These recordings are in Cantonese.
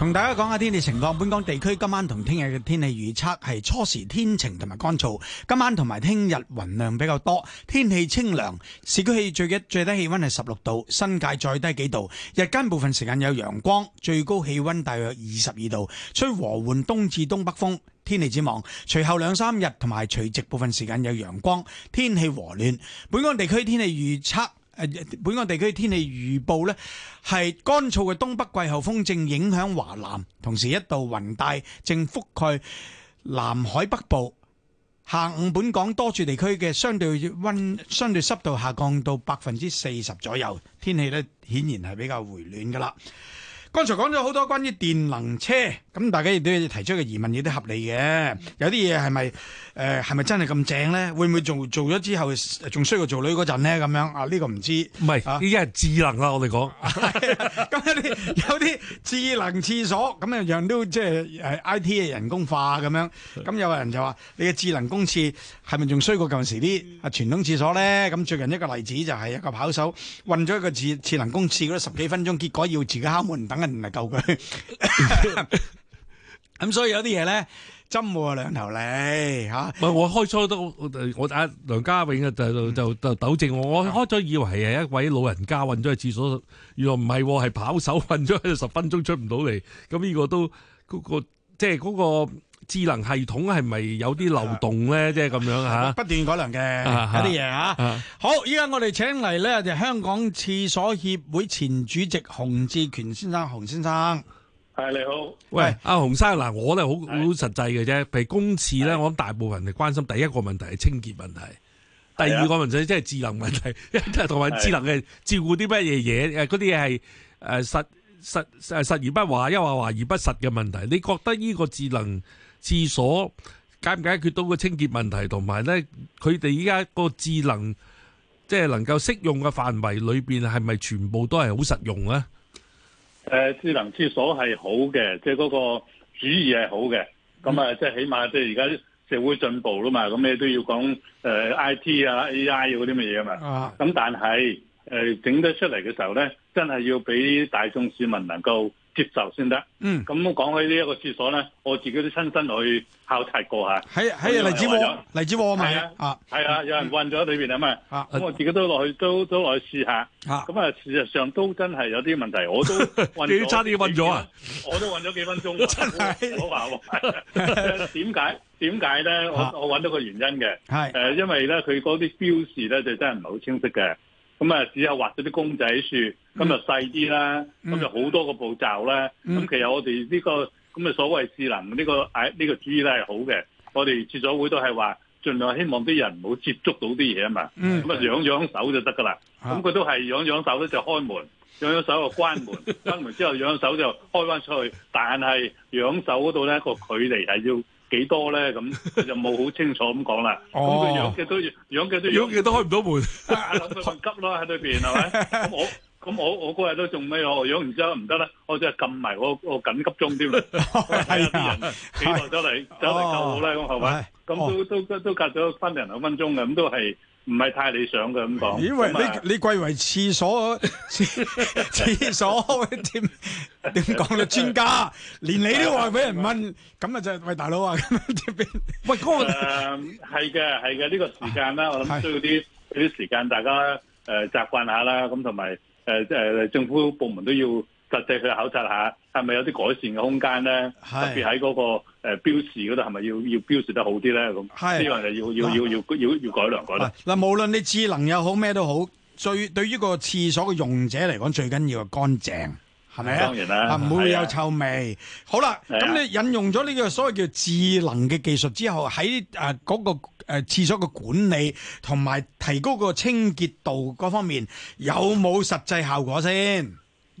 同大家講下天氣情況，本港地區今晚同聽日嘅天氣預測係初時天晴同埋乾燥，今晚同埋聽日雲量比較多，天氣清涼。市區氣最最低氣溫係十六度，新界再低幾度。日間部分時間有陽光，最高氣溫大約二十二度，吹和緩東至東北風。天氣展望，隨後兩三日同埋隨直部分時間有陽光，天氣和暖。本港地區天氣預測。本港地區天氣預報呢，係乾燥嘅東北季候風正影響華南，同時一道雲帶正覆蓋南海北部。下午本港多處地區嘅相對温、相對濕度下降到百分之四十左右，天氣呢顯然係比較回暖㗎喇。剛才講咗好多關於電能車。咁大家亦都提出嘅疑問，嘢都合理嘅。有啲嘢係咪誒？係、呃、咪真係咁正咧？會唔會做做咗之後，仲衰過做女嗰陣咧？咁樣啊？呢、呢個唔知。唔係是，依家係智能啦，我哋講、 啊。咁有啲有啲智能廁所，咁樣樣都即係 I T 嘅人工化咁樣。咁有人就話：你嘅智能公廁係咪仲衰過舊時啲啊傳統廁所咧？咁最近一個例子就係一個跑手運咗一個智智能公廁嗰十幾分鐘，結果要自己敲門等人嚟救佢。 咁所以有啲嘢咧，針冇兩頭利嚇、啊。我開初都我阿梁家永就就就糾正、嗯、我，開初以為係一位老人家暈咗去廁所，嗯、原來唔係，係跑手暈咗，去，十分鐘出唔到嚟。咁呢個都嗰、那個即係嗰個智能系統係咪有啲漏洞咧？即係咁樣、啊、不斷改良嘅有啲嘢嚇好，依家我哋請嚟咧就是、香港廁所協會前主席熊志權先生，熊先生。你好，喂，阿、嗯啊、洪生嗱，我咧好好實際嘅啫。譬如公廁咧，是我諗大部分人係關心第一個問題係清潔問題，啊、第二個問題即係智能問題，即係同埋智能嘅照顧啲乜嘢嘢，誒，嗰啲嘢係誒實實實而不華，一話華而不實嘅問題。你覺得呢個智能廁所解唔解決到個清潔問題，同埋咧佢哋依家個智能即係、就是、能夠適用嘅範圍裏邊係咪全部都係好實用咧？誒，智能廁所係好嘅，即係嗰個主意係好嘅，咁啊，即係起碼即係而家社會進步吖嘛，咁你都要講誒 IT 啊 AI 嗰啲乜嘢吖嘛，咁但係誒整得出嚟嘅時候咧，真係要俾大眾市民能夠。接受先得。嗯，咁講起呢一個廁所咧，我自己都親身去考察過吓。喺喺荔枝角，荔枝角咪啊，係啊，有人暈咗喺裏邊啊嘛。咁我自己都落去，都都落去試下。咁啊，事實上都真係有啲問題，我都你差啲暈咗啊！我都暈咗幾分鐘。我話點解？點解咧？我我揾到個原因嘅。係。誒，因為咧，佢嗰啲標示咧，就真係唔係好清晰嘅。咁啊，只有畫咗啲公仔樹，咁就細啲啦。咁就好多個步驟啦。咁其實我哋呢、呢個咁嘅所謂智能呢個呢、呢個主意咧係好嘅。我哋廁所會都係話，盡量希望啲人唔好接觸到啲嘢啊嘛。咁啊，養養手就得噶啦。咁佢都係養養手咧就開門，養養手就關門，關門之後養手就開翻出去。但係養手嗰度咧個距離係要幾多咧？咁就冇好清楚咁講啦。咁佢、哦、養嘅都，都養嘅都養嘅都開唔到門， 急啦喺裏面係咪？咁 我咁我我嗰日都仲咩？我養完之後唔得咧，我即係撳埋我我緊急鐘添啦。睇下， 啲人幾耐走嚟走嚟救我啦，係咪？咁都、哦、都都隔咗分零兩分鐘嘅，咁都係。唔係太理想嘅咁講，因為你你貴為廁所廁所，點點講咧？專家連你都話俾人問，咁啊就喂大佬啊，喂哥啊，誒係嘅係嘅，呢個時間啦，我諗需要啲啲時間，大家誒習慣下啦，咁同埋誒誒政府部門都要。實際去考察一下，係咪有啲改善嘅空間咧？啊、特別喺嗰個標示嗰度，係咪要要標示得好啲咧？咁呢樣要、啊、要要要要改良改良。嗱、啊，無論你智能又好咩都好，最對於個廁所嘅用者嚟講，最緊要係乾淨，係咪啊？當然啦，啊、唔會有臭味。好啦，咁你引用咗呢個所謂叫智能嘅技術之後，喺嗰個廁所嘅管理同埋提高個清潔度嗰方面，有冇實際效果先？誒嗱，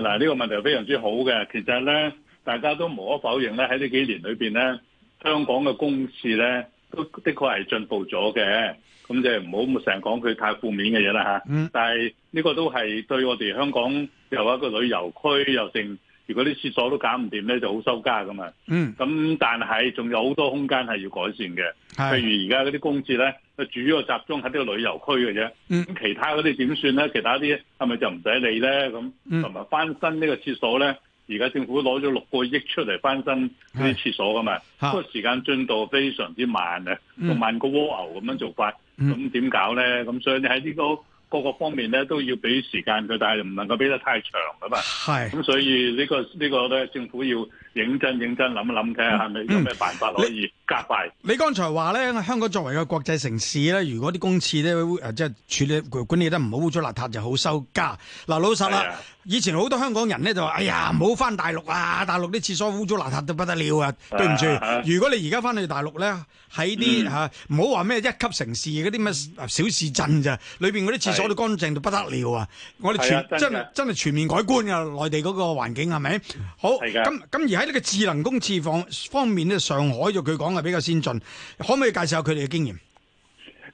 呢、呃這個問題非常之好嘅。其實咧，大家都無可否認咧，喺呢幾年裏邊咧，香港嘅公廁咧，都的確係進步咗嘅。咁即係唔好成日講佢太負面嘅嘢啦嚇。但係呢個都係對我哋香港又一個旅遊區又正。如果啲廁所都搞唔掂咧，就好收家噶嘛。嗯。咁但係仲有好多空間係要改善嘅，是譬如而家嗰啲公廁咧，主要集中喺呢個旅遊區嘅啫。咁、嗯、其他嗰啲點算咧？其他啲係咪就唔使理咧？咁、嗯。同埋翻新呢個廁所咧，而家政府攞咗六個億出嚟翻新呢啲廁所噶嘛。嚇是。個時間進度非常之慢啊，六萬、嗯、個蝸牛咁樣做法，咁點搞咧？咁所以你喺呢、這個。各個方面咧都要俾時間佢，但係唔能夠俾得太長㗎嘛。係咁是，所以呢、這個這個呢個咧，政府要。認真認真諗一諗睇下，係咪有咩辦法可以加快？嗯、你剛才話咧，香港作為個國際城市咧，如果啲公廁咧誒，即、呃、係、就是、處理管理得唔好污糟邋遢，就好收家。嗱，老實啦，啊、以前好多香港人咧就話：哎呀，唔好翻大陸啊！大陸啲廁所污糟邋遢到不得了啊！對唔住，如果你而家翻去大陸咧，喺啲吓唔好話咩一級城市嗰啲咩小市鎮咋，裏邊嗰啲廁所都乾淨到不得了啊！我哋全真的的真係全面改觀噶，內地嗰個環境係咪？好，咁咁的、啊、而喺呢個智能公廁房方面咧，上海就佢講係比較先進，可唔可以介紹下佢哋嘅經驗？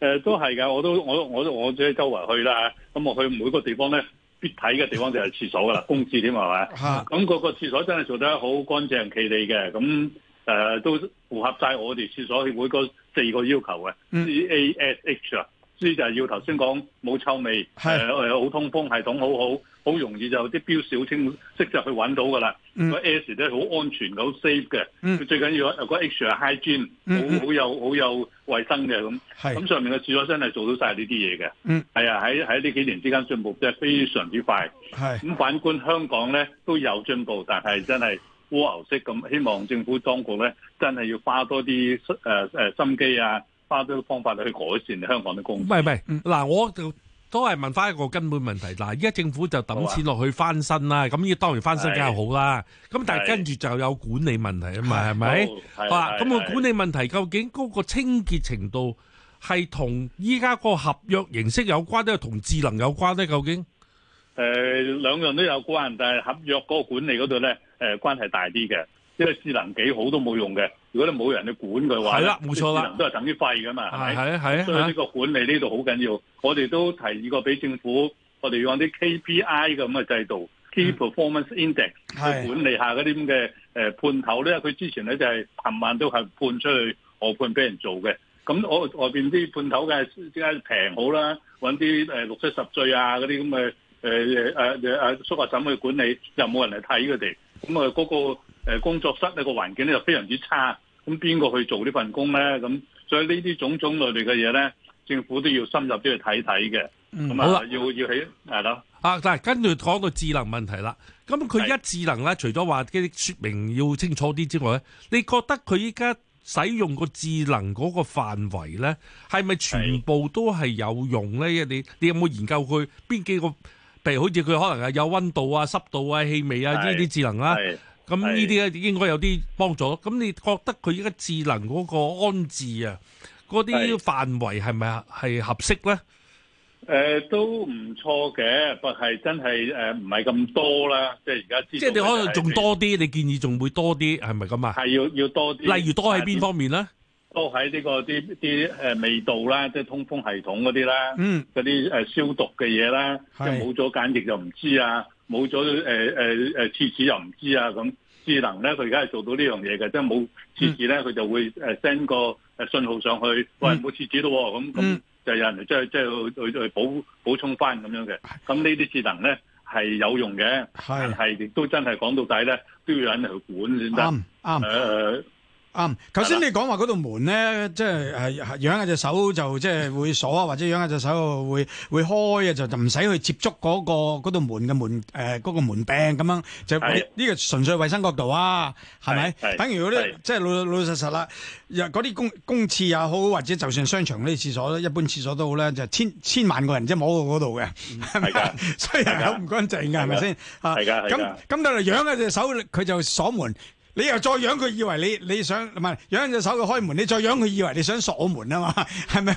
誒，都係噶，我都我我都我自己周圍去啦。咁我去每個地方咧必睇嘅地方就係廁所噶啦，公廁添係咪？咁，的個個廁所真係做得好乾淨、企理嘅。咁、呃、誒，都符合晒我哋廁所協會四個要求嘅。嗯、C A S H 啊，呢就係要頭先講冇臭味，係好的、呃、通風系統，好好。好容易就啲標示好清晰，就去揾到噶啦。個 S 咧好安全嘅，好 safe 嘅。佢、嗯、最緊要啊，個 H 係 hygiene，好好有好有衞生嘅咁。咁上面嘅諸多身係做到晒呢啲嘢嘅。係啊，喺喺呢幾年之間進步真係非常之快。咁是反觀香港咧都有進步，但係真係蝸牛式咁。希望政府當局咧真係要花多啲誒誒心機啊，花多啲方法去改善香港嘅公。唔係唔係，嗱、嗯、我就。都係問翻一個根本問題，嗱，依家政府就抌錢落去翻新啦，咁呢當然翻新梗係好啦，咁但係跟住就有管理問題啊嘛，係咪？好，咁個管理問題究竟嗰個清潔程度係同依家個合約形式有關咧，定係同智能有關咧？究竟？誒，兩樣都有關，但係合約嗰個管理嗰度咧，誒，關係大啲嘅。即係智能幾好都冇用嘅，如果你冇人去管嘅話，係啦，冇錯啦，都係等於廢㗎嘛，係係啊係啊，所以呢個管理呢度好緊要。我哋都提議過俾政府，我哋用啲 KPI 嘅咁嘅制度，Key Performance Index 去管理下嗰啲咁嘅誒判頭咧。佢的之前咧就係尋晚都係判出去我判俾人做嘅。咁我外邊啲判頭嘅即係平好啦？揾啲誒六七十歲啊嗰啲咁嘅誒誒誒誒叔伯嬸去管理，又冇人嚟睇佢哋。咁啊嗰個。誒工作室呢個環境咧就非常之差，咁邊個去做呢份工咧？咁所以呢啲種種類類嘅嘢咧，政府都要深入啲去睇睇嘅。咁、嗯、好要要起，係、嗯、咯。啊、嗯、啊，但係跟住講到智能問題啦，咁佢一智能咧，是除咗話啲說明要清楚啲之外咧，你覺得佢依家使用個智能嗰個範圍咧，係咪全部都係有用咧？你你有冇研究佢邊幾個？譬如好似佢可能係有溫度啊、濕度氣啊、氣味啊呢啲智能啦。咁呢啲咧應該有啲幫助。咁是你覺得佢依家智能嗰個安置啊，嗰啲範圍係咪係合適咧、呃？都唔錯嘅，但係真係唔係咁多啦。即係而家知、就是。即係你可能仲多啲，你建議仲會多啲係咪咁啊？係要要多啲。例如多喺邊方面咧？多喺呢個啲啲、呃、味道啦，即係通風系統嗰啲啦，嗯，嗰啲消毒嘅嘢啦，即冇咗簡易就唔知啊。冇咗誒誒誒廁紙又唔知啊，咁智能咧，佢而家係做到呢樣嘢嘅，即係冇廁紙咧，佢就會誒 send、呃、個誒信號上去，喂，冇廁紙咯，咁咁就有人即係即係去去去補補充翻咁樣嘅。咁呢啲智能咧係有用嘅，係亦是都真係講到底咧都要有人去管先得啱啱誒。啱，頭先你講話嗰度門咧，即係養下隻手就即係會鎖啊，或者養下隻手會會開啊，就就唔使去接觸嗰度門嘅門誒嗰個門柄咁樣，就呢個純粹衞生角度啊，係咪？等如嗰啲即係老老老實實啦，嗰啲公公廁又好，或者就算商場啲廁所，一般廁所都好咧，就千千萬個人即係摸過嗰度嘅，係啊，所以係有唔乾淨㗎，係咪先？係咁咁到養隻手，佢就鎖門。你又再讓佢以為你你想唔係，讓隻手佢開門，你再讓佢以為你想鎖門啊嘛，係咪？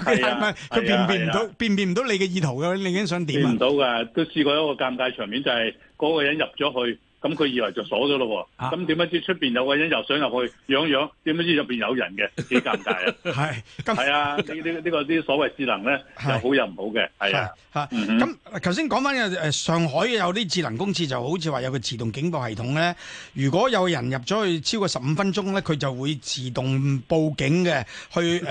佢辨唔到，辨唔到你嘅意圖嘅，你已經想點了，辨唔到㗎，都試過一個尷尬場面，就係、是、嗰個人入咗去了。咁佢以為就鎖咗咯喎，咁點解知出面有個人又想入去，樣樣點解知入邊有人嘅，幾尷尬啊！係係啊，呢呢呢個啲所謂智能咧，又好又唔好嘅，係啊咁頭先講翻嘅上海有啲智能公廁，就好似話有個自動警報系統咧，如果有人入咗去超過十五分鐘咧，佢就會自動報警嘅，去誒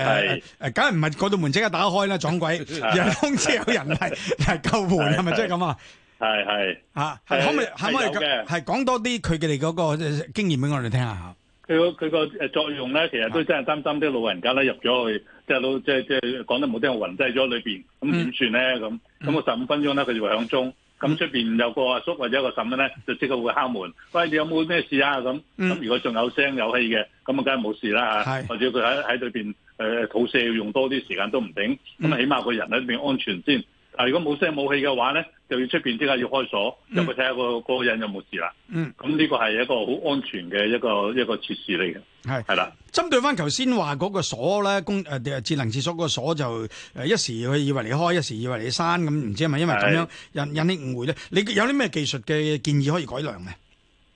梗係唔係嗰度門即刻打開啦？撞鬼，人通知有人係救援係咪即係咁啊？係係吓，可唔可以？可以嘅？係講多啲佢嘅哋嗰個經驗俾我哋聽下。佢個佢個誒作用咧，其實都真係擔心啲老人家咧，入咗去，即係都即係即係講得唔好聽，暈低咗裏邊，咁點算咧？咁咁個十五分鐘咧，佢就會響鐘。咁出邊有個阿叔或者一個嬸咧，就即刻會敲門，嗯、喂，你有冇咩事啊？咁咁如果仲有聲有氣嘅，咁啊，梗係冇事啦吓。或者佢喺喺裏邊誒、呃、肚瀉，要用多啲時間都唔頂，咁起碼個人喺裏邊安全先。嗱，如果冇聲冇氣嘅話咧，就要出邊即刻要開鎖，入去睇下個嗰個人有冇事啦。嗯，咁呢個係一個好安全嘅一個一個設施嚟嘅。係係啦，針的對翻頭先話嗰個鎖咧，公誒、呃、智能廁所個鎖就、呃、一時佢以為你開，一時以為你閂，咁唔知係咪因為咁樣是引引起誤會咧？你有啲咩技術嘅建議可以改良嘅？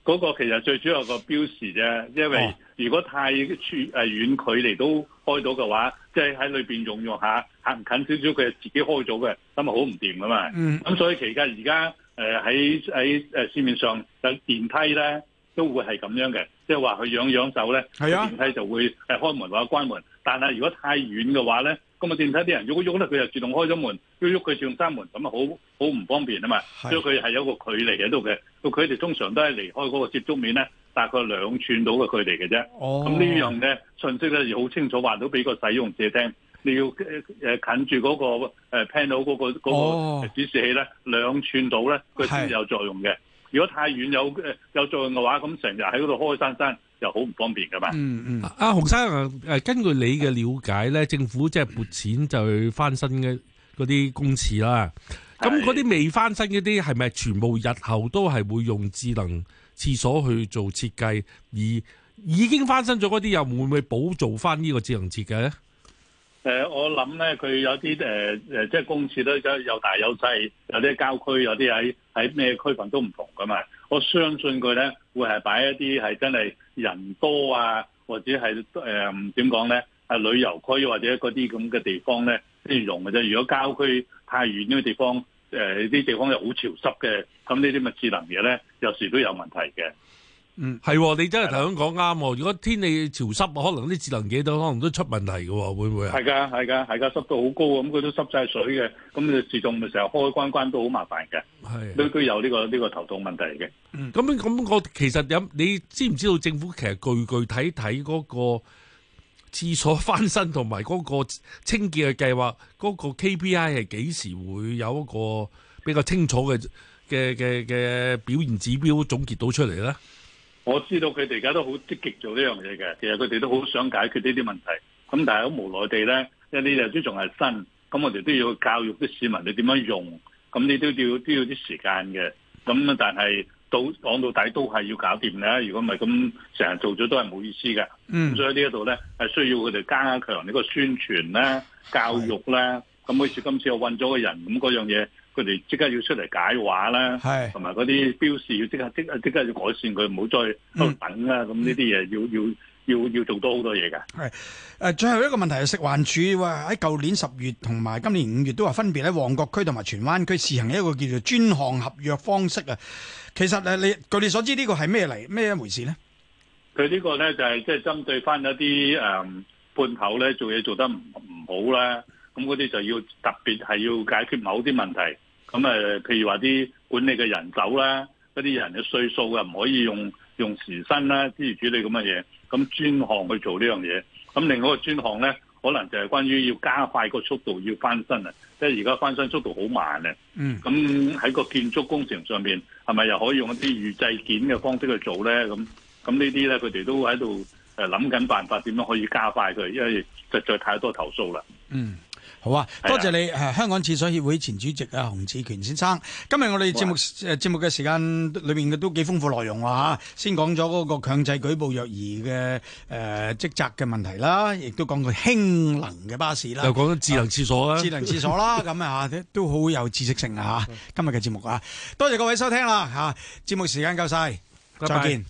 嗰個其實最主要個標示啫，因為如果太遠距離都開到嘅話，即係喺裏面用用下行近少少，佢自己開咗嘅，咁啊好唔掂噶嘛。咁、嗯、所以其實而家誒喺喺誒市面上就電梯咧，都會係咁樣嘅，即係話佢養養手咧，個、啊、電梯就會誒開門或者關門，但係如果太遠嘅話咧。咁我電梯啲人如果喐咧，佢就自動開咗門；要喐佢自動閂門，咁啊好好唔方便啊嘛。所以佢係有一個距離喺度嘅。個距離通常都係離開嗰個接觸面咧，大概兩寸到嘅距離嘅啫。哦、oh。咁呢樣嘅訊息咧就好清楚，話到俾個使用者聽。你要誒、呃、近住嗰個誒 panel 嗰、那個嗰、那個、指示器咧，兩寸到咧，佢先有作用嘅。Oh. 如果太遠有誒有作用嘅話，咁成日喺嗰度開閂閂，就好唔方便噶嘛。嗯嗯。阿、嗯、洪生，誒根據你嘅了解咧，政府即係撥錢就去翻新嘅嗰啲公廁啦。咁嗰啲未翻新嗰啲，係咪全部日後都係會用智能廁所去做設計？而已經翻新咗嗰啲，又會唔會補做翻呢個智能設計咧？誒、呃，我諗咧，佢有啲誒誒，即係公廁都有大有細，有啲郊區，有啲喺喺咩區份都唔同噶嘛。我相信佢咧，會係擺一啲係真係人多啊，或者係誒點講咧，係、呃、旅遊區或者嗰啲咁嘅地方咧先用嘅啫。如果郊區太遠呢個地方，誒、呃、啲地方又好潮濕嘅，咁呢啲咪智能嘢咧，有時都有問題嘅。嗯，係的的你真係頭先講啱。的如果天氣潮濕，可能啲智能嘢都可能都出問題嘅，會唔會啊？係噶，係噶，係噶，濕度好高，咁佢都濕晒水嘅，咁你自動咪成日開開關關都好麻煩嘅。係佢的有呢、這個呢、這個頭痛問題嚟嘅。咁咁、嗯，嗯、我其實有你知唔知道政府其實具具體睇嗰個廁所翻新同埋嗰個清潔嘅計劃嗰個 K P I 係幾時會有一個比較清楚嘅嘅嘅嘅表現指標總結到出嚟咧？我知道佢哋而家都好積極做呢樣嘢嘅，其實佢哋都好想解決呢啲問題，咁但係好無奈地咧，因為呢啲都仲係新，咁我哋都要教育啲市民你點樣用，咁你都要都要啲時間嘅，咁但係到講到底都係要搞掂啦，如果唔係咁成日做咗都係冇意思嘅，咁所以呢一度咧係需要佢哋加強呢個宣傳啦、教育啦，咁好似今次我搵咗個人咁嗰樣嘢。佢哋即刻要出嚟解話啦，同埋嗰啲標示要即刻即即刻，刻要改善佢，唔好再等啦。咁呢啲嘢要、嗯、要要要做多好多嘢嘅。係誒、呃，最後一個問題係食環處喺舊年十月同埋今年五月都話分別喺旺角區同埋荃灣區試行一個叫做專項合約方式啊。其實誒、呃，你據你所知呢個係咩嚟？咩一回事呢？佢呢個咧就係即係針對翻一啲誒、呃、判頭咧做嘢做得唔唔好啦。咁嗰啲就要特別係要解決某啲問題，咁誒，譬如話啲管理嘅人手啦，嗰啲人嘅歲數啊，唔可以用用時薪啦，之類處理咁嘅嘢，咁專項去做呢樣嘢。咁另外一個專項咧，可能就係關於要加快個速度要翻新啊，即係而家翻新速度好慢啊。嗯。咁喺個建築工程上面，係咪又可以用一啲預製件嘅方式去做咧？咁咁呢啲咧，佢哋都喺度誒諗緊辦法點樣可以加快佢，因為實在太多投訴啦。嗯。好啊，多謝你誒的、啊，香港廁所協會前主席啊，熊志權先生。今日我哋節目誒節哇、呃、目嘅時間裏面嘅都幾豐富內容啊，啊先講咗嗰個強制舉報虐兒嘅誒職責嘅問題啦、啊，亦都講個氫能嘅巴士啦、啊，又講咗智能廁所啦、啊啊，智能廁所啦、啊，咁 啊吓都好有知識性啊吓、啊，今日嘅節目啊，多謝各位收聽啦、啊、吓、節、啊、目時間夠晒再見。